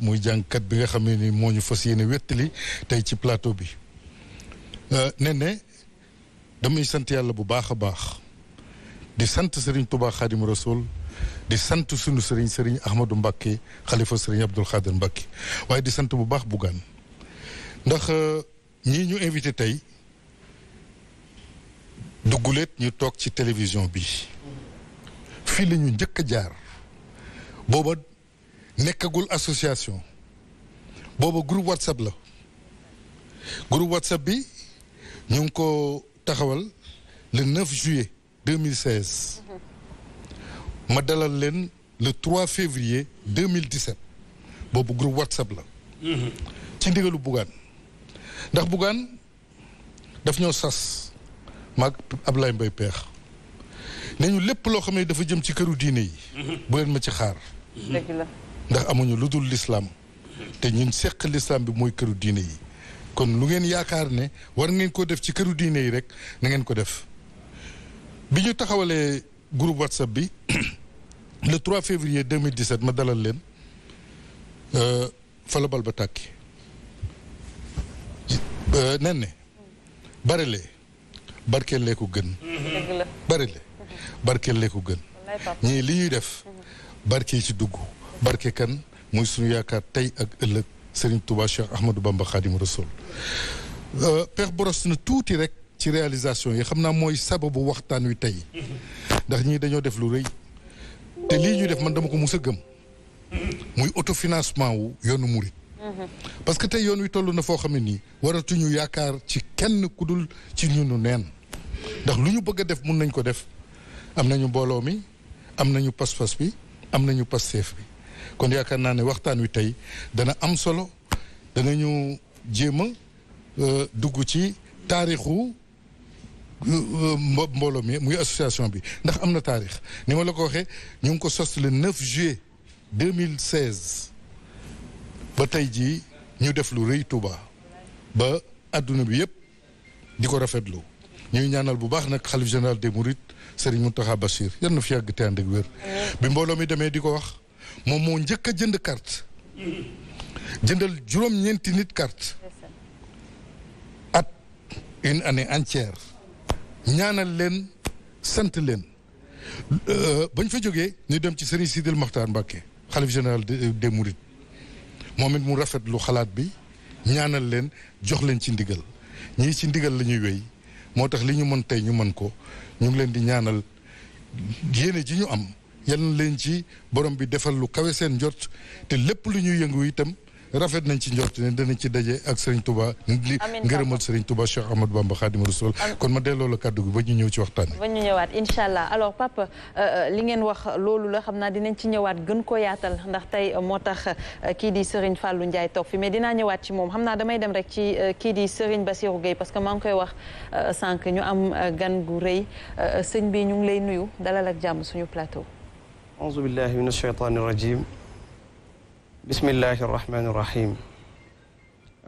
muy jàngkat bi nga xam ne ni moo ñu fas yéene wettali tey ci plateau bi euh, ne ne damay sant yàlla bu baax a baax di sant Serigne Touba Khadim Rasoul di sant sunu Serigne Serigne Ahmadou Mbacké xalifa Serigne Abdoul Khadir Mbacké waaye di sant bu baax Bougane ndax euh, ñii ñu invité tey dugguleet ñu toog ci télévision bi fii la njëkk jaar nekkagul association booba groupe whatsapp la groupe whatsapp bi ñu ngi ko taxawal le 9 juillet 2016 ma dalal leen le 3 février 2017 boobu groupe whatsapp la ci ndigalu Bougane ndax buggaan daf ñoo sas maag Ablaye Mbaye Peex ne ñu lépp loo xam ne dafa jëm ci këru diine yi bu leen ma ci xaar ndax amuñu lu dul lislaam te ñun seq lislaam bi mooy këru diine yi kon lu ngeen yaakaar ne war ngeen ko def ci këru diine yi rek na ngeen ko def bi ñu taxawalee groupe whatsapp bi le 3 février 2017 ma dalal leen euh, fa ba tàkki euh, nen ne barele lee ko gën barele lee ko gën ñii li ñuy def barke yi ci dugg barke kan mooy suñu yaakaar tey ak ëllëg Serigne Touba Cheikh Ahmadou Bamba Khadim Rasoul euh, Père Boros na tuuti rek ci réalisation yi xam naa mooy sababu waxtaan wi tey ndax ñii dañoo def lu rëy te lii ñu def man dama ko mus a gëm muy autofinancement wu yoonu murit parce que tey yoon wi toll na foo xam ne nii waratuñu yaakaar ci kenn ku dul ci ñu ñunu neen ndax lu ñu bëgg a def mun nañ ko def am nañu mbooloo mi am nañu pas bi am nañu pasteef bi kon yaakaar naa ne waxtaan wi tey dana am solo danañu jéem a euh, dugg ci taarixu euh, mbooloo mi muy association bi ndax am na taarix ni ma la ko waxee ñu ngi ko sos le 9 juillet 2016 ba tey ji ñu def lu rëy Touba ba adduna bi yëpp di ko rafetlu ñuy ñaanal bu baax nag xalif général des Mourides Serigne Mountakha Bachir yal na fi yàgg te ànd wér bi mbooloo mi demee di ko wax. moom moo njëkk a jënd kart jëndal juróom-ñeenti nit carte at une année entière ñaanal leen sant leen euh, bañ fa jógee ñu dem ci sëriñ Sidil Mokhtar Mbacké xalif général des Mourides moom it mu rafet lu xalaat bi ñaanal leen jox leen ci ndigal ñii ci ndigal lañuy ñuy wéy moo tax li ñu mën tey ñu mën ko ñu ngi leen di ñaanal yéene ji ñu am yan leen ci borom bi defal lu kawe seen njort te lépp lu ñuy yëngu itam rafet nañ ci njort ne danañ ci daje ak Serigne Touba. amiin ngërëmal Serigne Touba Cheikh Ahmadou Bamba Khadim Rasoul kon ma delloo la kàddu gi ba ñu ñëw ci waxtaan ba ñu ñëwaat incha allah alors papa euh, euh, li ngeen wax loolu la xam naa dinañ ci ñëwaat gën ko yaatal ndax tey moo tax euh, kii di Serigne Fallou Ndiaye toog fi mais dinaa ñëwaat ci moom xam naa damay dem rek ci kii di Serigne Bassirou Gueye parce que maa ngi koy wax sànq ñu am gan gu rëy sëñ bi ñu ngi lay nuyu dalal ak jàmm suñu plateau. أعوذ بالله من الشيطان الرجيم بسم الله الرحمن الرحيم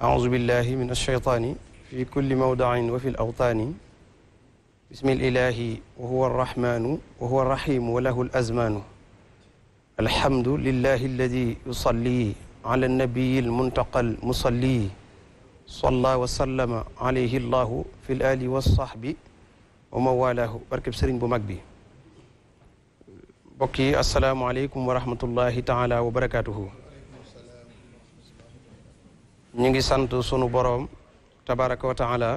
أعوذ بالله من الشيطان في كل موضع وفي الأوطان بسم الإله وهو الرحمن وهو الرحيم وله الأزمان الحمد لله الذي يصلي على النبي المنتقى المصلي صلى وسلم عليه الله في الآل والصحب وموالاه بركب سرين بمكبي mbokk yi asalaamaaleykum wa rahmatullahi wa barakaatuhu ñu ngi sant sunu boroom tabaraka wa taala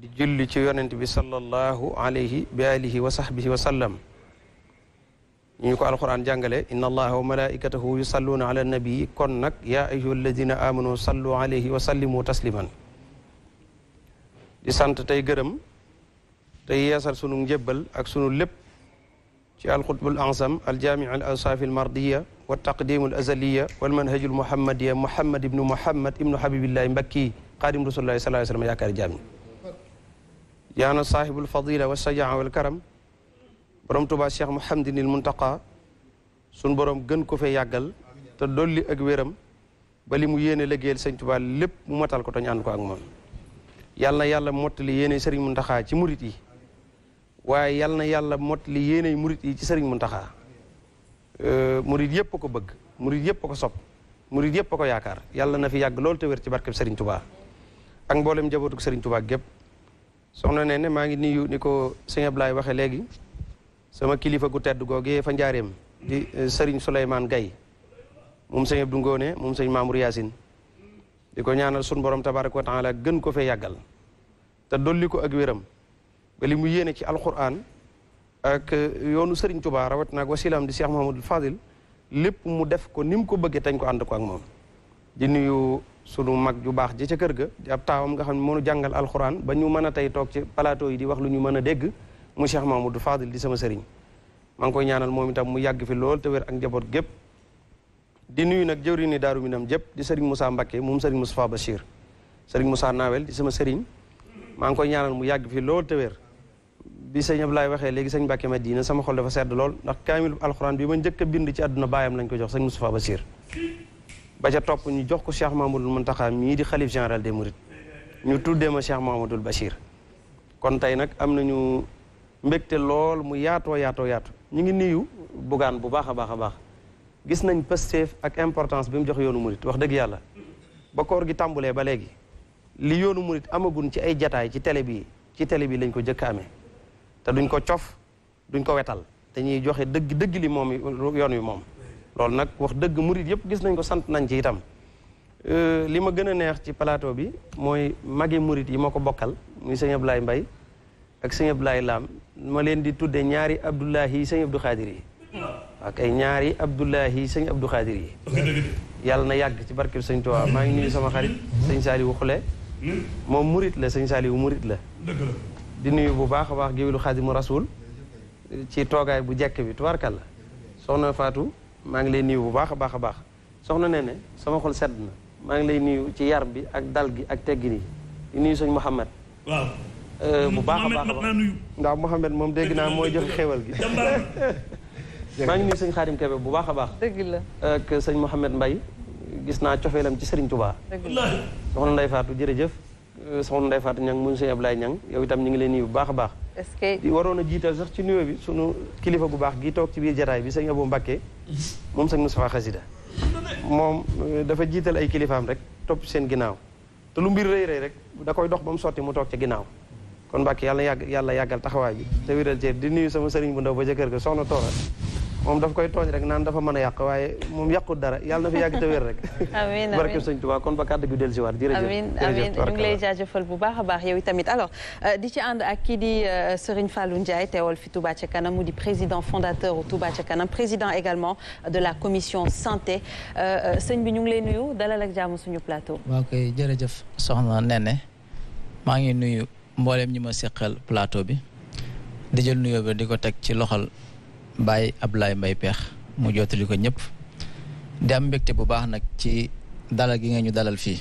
di julli ci yonent bi sallallahu alayhi bi alihi wa sahbihi wa sallam ñu ko alquran jàngale inna allaha wa malaikatahu yusalluuna ala nabi kon nag yaa ayuha amanu sallu alayhi wa sallimu tasliman di sant tay gërëm tey yeesal sunu njébbal ak sunu lépp ci alxutbul ansam aljaami al awsaafi almardiya wa taqdimu al azaliya wal manhaju al muhammadiya muhammad ibnu muhammad ibnu habibillahi mbakki xaadim rasulillahi sallallahu alayhi wa sallam yaakaari jaam ñi wa sajaa wal karam borom tubaa cheikh muhamdinil muntaqa sun borom gën ko fee yàggal te dolli ak wéram ba li mu yéene liggéeyal sëñ tubaa lépp mu matal ko te ñu ko ak moom yàlla yàlla mottali yéene sëriñ muntaxaa ci murit yi waaye yal na yàlla mot li yéenay murit yi ci sëriñ Muntaxa euh, murit yëpp a ko bëgg murit yëpp a ko sob murit yëpp a ko yaakaar yàlla na fi yàgg loolu te wér ci barkeb sëriñ tubaa ak mboolem njabootuk sëriñ Touba gépp soxna ne ne maa ngi nuyu ni ko sëñ laay waxee léegi sama kilifa gu tedd googee fa njaareem di euh, sëriñ Souleymane Gaye moom sëñ Abdou Ngone moom sëñ Mamour Yacine di ko ñaanal sun borom te tabaraka wa la gën ko fee yàggal te dolli ko ak wéram ba li mu yéene ci alquran ak yoonu Serigne Touba rawat naag wasilaam di Cheikh Mouhamadul Fadil lépp mu def ko ni mu ko bëggee tañ ko ànd ak moom di nuyu sunu mag ju baax ji ca kër ga di ab taawam nga xam ne moo nu jàngal alxuraan ba ñu mën a tey toog ci plateau yi di wax lu ñu mën a dégg mu Cheikh Mamadou Fadil di sama sëriñ maa ngi koy ñaanal moom itam mu yàgg fi lool te wér ak njaboot gépp nuyu nag jëwriñi daaru minam jëpp di sëriñ musa Mbacké moom sëriñ Moustapha Bachir sëriñ Moussa Nawel di sama sëriñ maa ngi koy ñaanal mu yàgg fi lool te wér bi sëñ Ablaye waxee léegi sëñ Mbacke Madina sama xol dafa sedd lool ndax kaamil alxuraan bi ma njëkk a bind ci àdduna baayam lañ ko jox sëñ Moustapha Bassir ba ca topp ñu jox ko Cheikh Mahmoudul Mountakha mii di xalif général des Mourides ñu tuddee ma Cheikh Mahmoudul Bachir kon tey nag am nañu mbégte lool mu yaatoo yaatoo yaatu ñu ngi nuyu bugaan bu baax a baax a baax gis nañ pësteef ak importance bi mu jox yoonu murit wax dëgg yàlla ba koor gi tàmbulee ba léegi li yoonu murit amagun ci ay jataay ci télé bi ci télé bi lañ ko jëkk amee te duñ ko cof duñ ko wetal dañuy joxe dëgg dëgg li moom yoon wi moom loolu nag wax dëgg murit yëpp gis nañ ko sant nañ ci itam euh, li ma gën a neex ci palaato bi mooy magi murit yi ma ko bokkal muy sëñ Abdoulaye Mbaye ak sëñ Abdoulaye Lam ma leen di tudde ñaari Abdoulahi yi sëñ Abdou Khadir yi ak ay ñaari Abdoulahi yi sëñ Abdou Khadir yi yàlla na yàgg ci barkeb sëñ Tuubaa maa ngi nuyu sama xarit sëñ Saliou Xule hmm? moom murit la sëñ Saliou murit la di nuyu bu baax a baax géwélu xaadimu rasul ci toogaay bu jekk bi la soxna faatu maa ngi lay nuyu bu baax a baax a baax soxna nee ne sama xol sedd na maa ngi lay nuyu ci yar bi ak dal gi ak teggin yi di nuyu sëñ Mouhamed waaw euh, bu baax a baax ndax Mouhamed moom dégg naa mooy joxe xéwal gi maa ngi nuyu sëñ Xaadim Kebe bu baax a baax dëgg la ak sëñ Mouhamed mbay gis naa cofeelam ci Serigne Touba soxna Ndeye Fatou jërëjëf Euh, soxna Ndeye Fatou Niang mu sëñ Ablaye Niang yow itam ñu ngi leen nuyu bu baax a baax waroon a jiital sax ci nuyoo bi suñu kilifa gu baax gi toog ci biir jataay bi sëñ Abou Mbacké moom sëñ Moustapha Xasida moom euh, dafa jiital ay kilifaam rek topp seen ginnaaw te lu mbir rëy rëy rek da koy dox ba mu sotti mu toog ca ginnaaw kon Mbacké yàlla yàgg yàlla yàggal taxawaay bi te wéral ci di nuyu sama sëriñ bu ndaw ba jëkkër gi ga soxna Toora moom daf koy tooñ rek naan dafa mën a yàq waaye moom yàqut dara yàlla na fi yàgg te wér rek amiin barke sëñ Tuubaa kon ba kàddu gi si waat jërëjëf lay jaajëfal bu baax a baax yow itamit alors euh, di ci ànd ak kii di euh, Serigne Fallou Ndiaye teewal fi Touba ca kanam mu di président fondateur u Touba ca kanam président également de la commission santé euh, sëñ bi ñu ngi lay nuyu dalal ak jàmm suñu plateau waaw kay jërëjëf soxna Nene maa ngi nuyu mboolem ñi ma seqal plateau bi di jël nuyoo bi di ko teg ci loxol ab laay may Peex mu jottali ko ñëpp di am mbégte bu baax nag ci dalal gi nga ñu dalal fii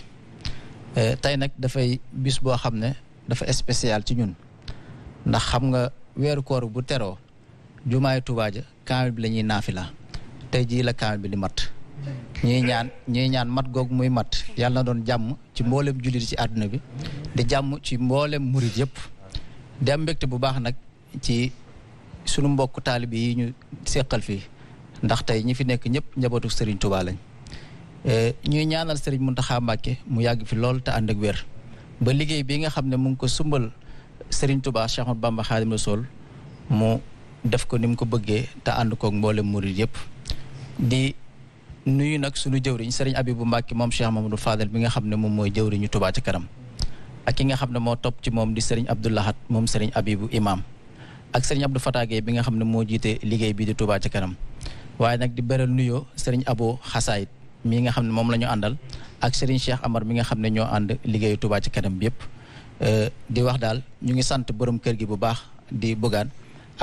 eh, tey nag dafay bis boo xam ne dafa spécial ci ñun ndax xam nga weeru koor bu teroo jumaay Tuubaa ja bi lañuy naafi naafila tey jii la kaamil bi di mat ñuy ñaan ñuy ñaan mat goog muy mat yàlla na doon jàmm ci mboolem jullit ci àdduna bi di jàmm ci mboolem murit yëpp di am mbégte bu baax nag ci sunu mbokk taalib yi ñu seqal fi ndax tey ñi fi nekk ñëpp njabootu Serigne Touba lañ e, ñuy ñaanal Serigne Mountakha Mbacké mu yàgg fi lool te ànd ak wér ba liggéey bi nga xam ne mu ngi ko sumbal Serigne tubaa Cheikh Ahmadou Bamba Khadim Rassoul mu def ko ni mu ko bëggee te ànd mboole mboolem murid yëpp di nuyu nag sunu jëwriñ Serigne Abibou Mbacké moom Cheikh du Fadel bi nga xam ne moom mooy jëwriñu tubaa ci kanam ak ki nga xam ne moo topp ci moom di Serigne Abdoulahat moom Serigne Abibou imam ak sëriñ Abdou Fatah bi nga xam ne moo jiite liggéey bii di Touba ci kanam waaye nag di beral nuyoo seriñ aboo Xasaayit mii nga xam ne moom la ñu àndal ak sëriñ Cheikh Amar mi nga xam ne ñoo ànd liggéeyu Touba ci kanam bi yëpp euh, di wax daal ñu ngi sant borom kër gi bu baax di bëggaan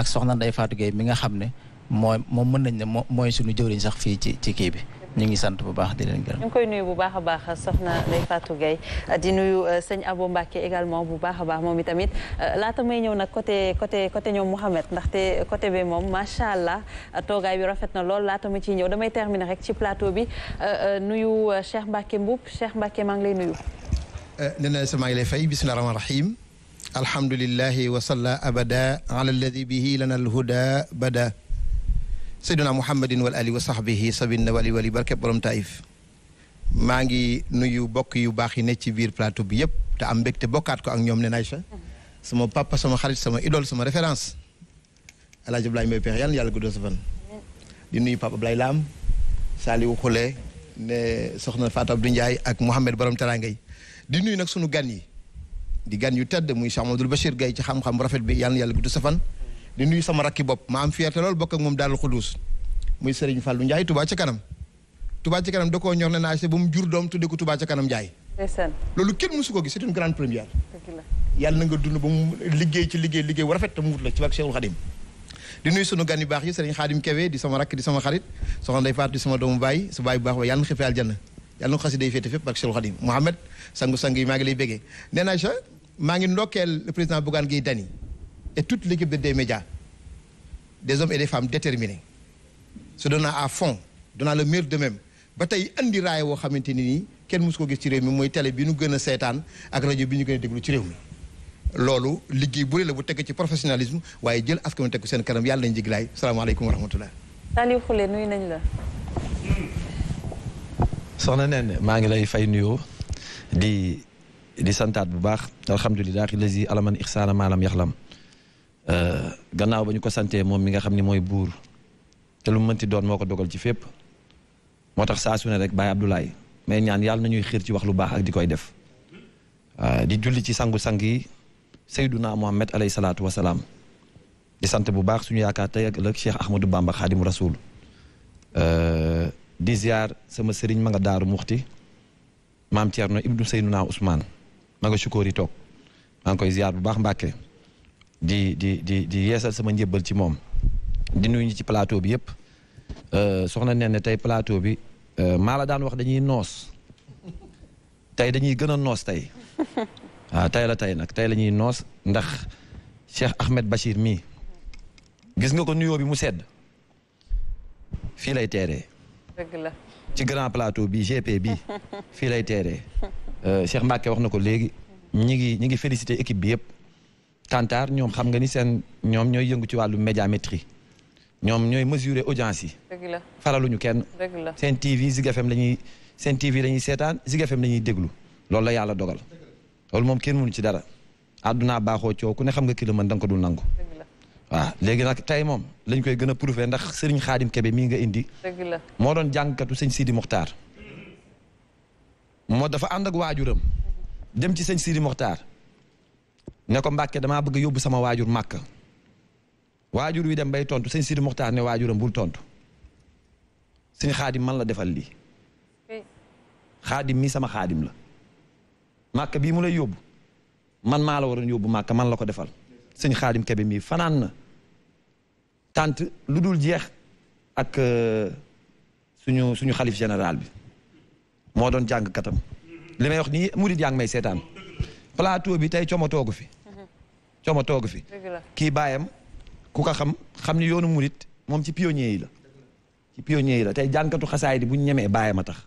ak soxna Ndeye Fatou mi nga xam ne mooy moom mën nañ ne mooy suñu jëwriñ sax fii ci ci kii bi ñu ngi sant bu baax di leen gërëm. ñu koy nuyu bu baax a baax soxna Ndeye Fatou Gueye di nuyu euh, sëñ Abo Mbacke également bu baax a baax moom itamit euh, laata may ñëw nag côté côté côté ñoom Mouhamed ndaxte côté bi moom macha allah toogaay bi rafet na lool laata ma ciy ñëw damay terminer rek ci plateau bi euh, nuyu Cheikh Mbacke Mboup Cheikh Mbacke maa ngi lay nuyu. nee na sama ngi lay fay bisimilah rahmaani rahiim alhamdulilah wa salla abada ala alladi bihi lana alhuda bada. seyduna muhammadin wal ali wa sahbihi sabinna wali wali barke borom taif maa ngi nuyu bokk yu baax yi ne ci biir plateau bi yëpp te am mbégte bokkaat ko ak ñoom ne Aïcha sama papa sama xarit sama idole sama référence El Hadj Abdoulaye Mbaye Pekh yàlla na yàlla guddal sa fan di nuyu papa Abdoulaye Lam Saliou Khoule ne soxna Fatou Abdou ak Mouhamed borom teraanga yi di nuyu nag sunu gan yi di gan yu tedd muy Cheikh Amadou Bachir Gaye ci xam-xam rafet bi yàlla na yàlla guddal sa di nuyu sama rakki bopp ma am fierté lool bokk ak moom Daarul Xuduus muy Serigne Fallou Ndiaye Touba ca kanam ca kanam da na naase jur doom tudde ko Touba ca kanam Ndiaye loolu kenn mësu ko gis c'est une grande première yàlla na nga dund ba mu liggéey ci liggéey liggéey bu rafet te mu wut la ci barke Cheikhul Khadim di nuyu sunu gan yu baax yi Serigne Khadim Kebe di sama rakk di sama xarit soxna Ndeye Fatou di sama doomu baay su baay bu baax ba yàlla na xëfee aljanna yàlla na ko xasi day féete fépp barke maa ngi lay bégee nee naa sa maa et toute l'équipe de média médias, des hommes et des femmes déterminés, se donnant à fond, donnant le meilleur d'eux-mêmes. ba tey andi raay woo xamante ni nii kenn mosu ko gis ci réew mi mooy tele bi nu gën a seetaan ak rajo bi ñu gën a déglu ci réew mi loolu liggéey bu la bu teg ci professionalisme waaye jël askan wi teg ko seen kanam yàlla nañu jiglaay salaamaaleykum wa rahmatullah. Saliou Khoulé nuyu nañu la. soxna Nene maa ngi lay fay nuyoo di di santaat bu baax alhamdulilah lazi alaman ixsaana Euh, gannaaw ba ñu ko sante moom mi nga xam ne mooy buur te lu mënti doon moo ko dogal ci fépp moo tax saa su ne rek Baye Abdoulaye may ñaan yàlla ñuy xiir ci wax lu baax ak di koy def euh, di julli ci sangu-sang yi Seyduna Muhammad alayhi salaatu wa salaam di sant bu baax suñu yaakaar te ak ëllëg Cheikh Ahmadou Bamba Xaadimu Rasul euh, di ziar sama sëriñ ma nga daaru muxti maam Thierno Ibnu Seyduna Ousmane ma nga sukóor yi toog maa ngi koy ziar bu baax Mbàkke di di di di yeesal sama njëbbal ci moom di nuyu ñi ci plateau bi yëpp euh, soxna nee ne tey plateau bi euh, maa la daan wax dañuy noos tey dañuy gën a noos tey waaw ah, tey la tey nag tey la ñuy noos ndax Cheikh Ahmed Bachir mii gis nga ko nuyoo bi mu sedd fii lay teeree. ci grand palateau bi GP bi fii lay teeree euh, Cheikh Mbacke wax na ko léegi ñi ngi ñi ngi félicité équipe bi yëpp. Kantar ñoom xam nga ni seen ñoom ñooy yëngu ci wàllu médiamétrie ñoom ñooy mesurer audience yi. dëgg la faraluñu kenn. seen TV Zik FM la ñuy seen TV la ñuy seetaan Zik FM la ñuy déglu loolu la yàlla dogal loolu moom kenn mënu ci dara àdduna baaxoo coow ku ne xam nga ki la mën da nga ko dul nangu. waaw léegi nag tey moom lañ koy gën a prouver ndax Serigne Khadim Kebe mii nga indi. dëgg la moo doon jàngkatu sëñ Sidi Mokhtar. moo dafa ànd ak waajuram. dem ci sëñ Sidi Mokhtar. ne ko Mbàkke damaa bëgg yóbbu sama waajur màkk waajur wi dem mbay tontu sëñ Sidi Moxtaar ne waajuram bul tontu sëñ xaadim man la defal lii xaadim mi sama xaadim la màkk bii mu lay yóbbu man maa la waroon yóbbu màkk man la ko defal sëñ xaadim kebe mii fanaan na tant lu dul jeex ak euh, suñu suñu xalif général bi moo doon jàng katam li may wax nii murid yaa ngi may seetaan plateau bi tey comotoogu fi cooma toog fi kii baayam ku ko xam xam ni yoonu murit moom ci pionnier yi la ci yi la tey jànkatu xasaay di bu ñu ñemee baayam a tax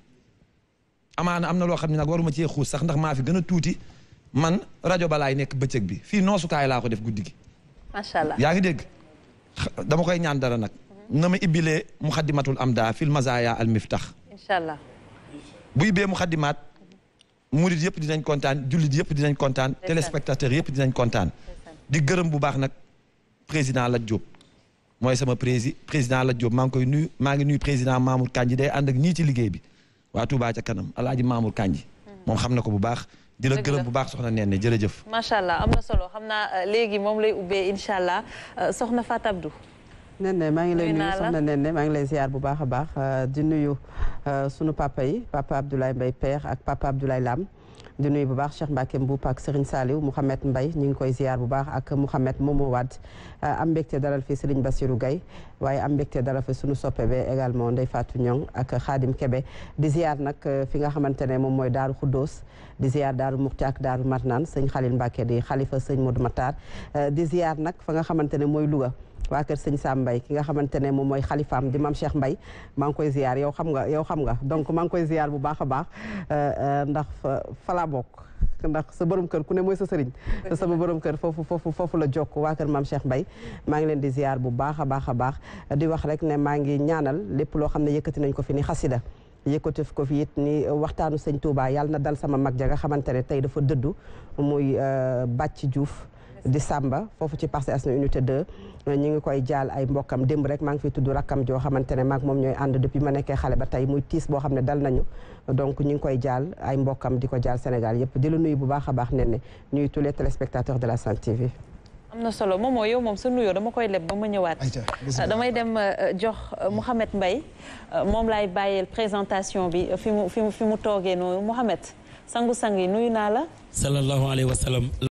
amaana am na loo xam ne nag waruma cee xuus sax ndax maa fi gën a tuuti man rajo balaay nekk bëccëg bi fii noosukaay laa ko def guddi gi macha allah yaa ngi dégg dama koy ñaan dara nag na ma ibbilee muxaddimatul amda fil mazaya al miftax incha allah buy bee muxaddimaat murit yëpp dinañ kontaan jullit yëpp dinañ kontaan téléspectateur yëpp dinañ kontaan di gërëm bu baax nag président la Diop mooy sama prési président la Diop maa ngi koy nuyu maa ngi nuyu président Mamour Kandji day ànd ak ñii ci liggéey bi waa Touba ca kanam alaaji Mamour Kandji hmm. moom xam na ko bu baax di la gërëm bu baax soxna Nene jërëjëf macha allah am na solo xam naa euh, léegi moom lay ubbee incha allah euh, soxna Fatou Abdou Nene maa ngi lay nuyu soxna maa ngi lay ziar bu baax a baax euh, di nuyu sunu papa yi papa Abdoulaye mbay père ak papa Abdoulaye Lam di nuy bu baax Cheikh Mbacke Mboup ak Serigne Saliou Mouhamed Mbaye ñu ngi koy ziar bu baax ak Mouhamed Momo Wade euh, am mbégte dalal fi Serigne Bassirou gay waaye am mbégte dalal fi sunu soppe be également Ndeye Fatou Niong ak Khadim Kebe di ziar nag euh, fi nga xamante ne moom mooy Daaru Xuddoos di ziar Daaru Muxti ak Daaru Marnaan sëñ Khalil Mbacke di xalifa sëñ Modou Matar euh, di ziar nag fa nga xamante ne mooy Louga waa sëñ Sam mbay ki nga xamante ne moom mooy xalifaam di maam Cheikh mbay maa ngi koy ziar yow xam nga yow xam nga donc maa ngi koy ziar bu baax a baax euh, euh, ndax fa bokk ndax sa borom kër ku ne mooy sa sëriñ sama borom kër foofu foofu foofu la jokk waa kër maam Cheikh Mbaye maa ngi leen di ziar bu baax a baax a baax di wax rek ne maa ngi ñaanal lépp loo xam ne yëkkati nañ ko fi ni xasida yëkkati ko fi it ni waxtaanu sëñ Touba yàlla na dal sama mag ja nga xamante ne tey dafa dëddu muy euh, bàcc Diouf di Samba foofu ci Parcelles Assainies unité 2 ñu ngi koy jaal ay mbokkam démb rek maa ngi fi tudd rakkam joo xamante ne maag moom ñooy ànd depuis ma nekkee xale ba tey muy tiis boo xam ne dal nañu donc ñu ngi koy jaal ay mbokkam di ko jaal Sénégal yëpp di la nuyu bu baax a baax ne ne nuyu tous les téléspectateurs de la Sen TV am na solo moom moo yow moom sa nuyoo dama koy leb ba ma ñëwaat damay dem euh, jox euh, Mouhamed mbay euh, moom laay bàyyeel présentation bi fi mu fi mu toogee noonu Mouhamed sangu-sang yi nuyu naa la sallallahu alayhi wa sallam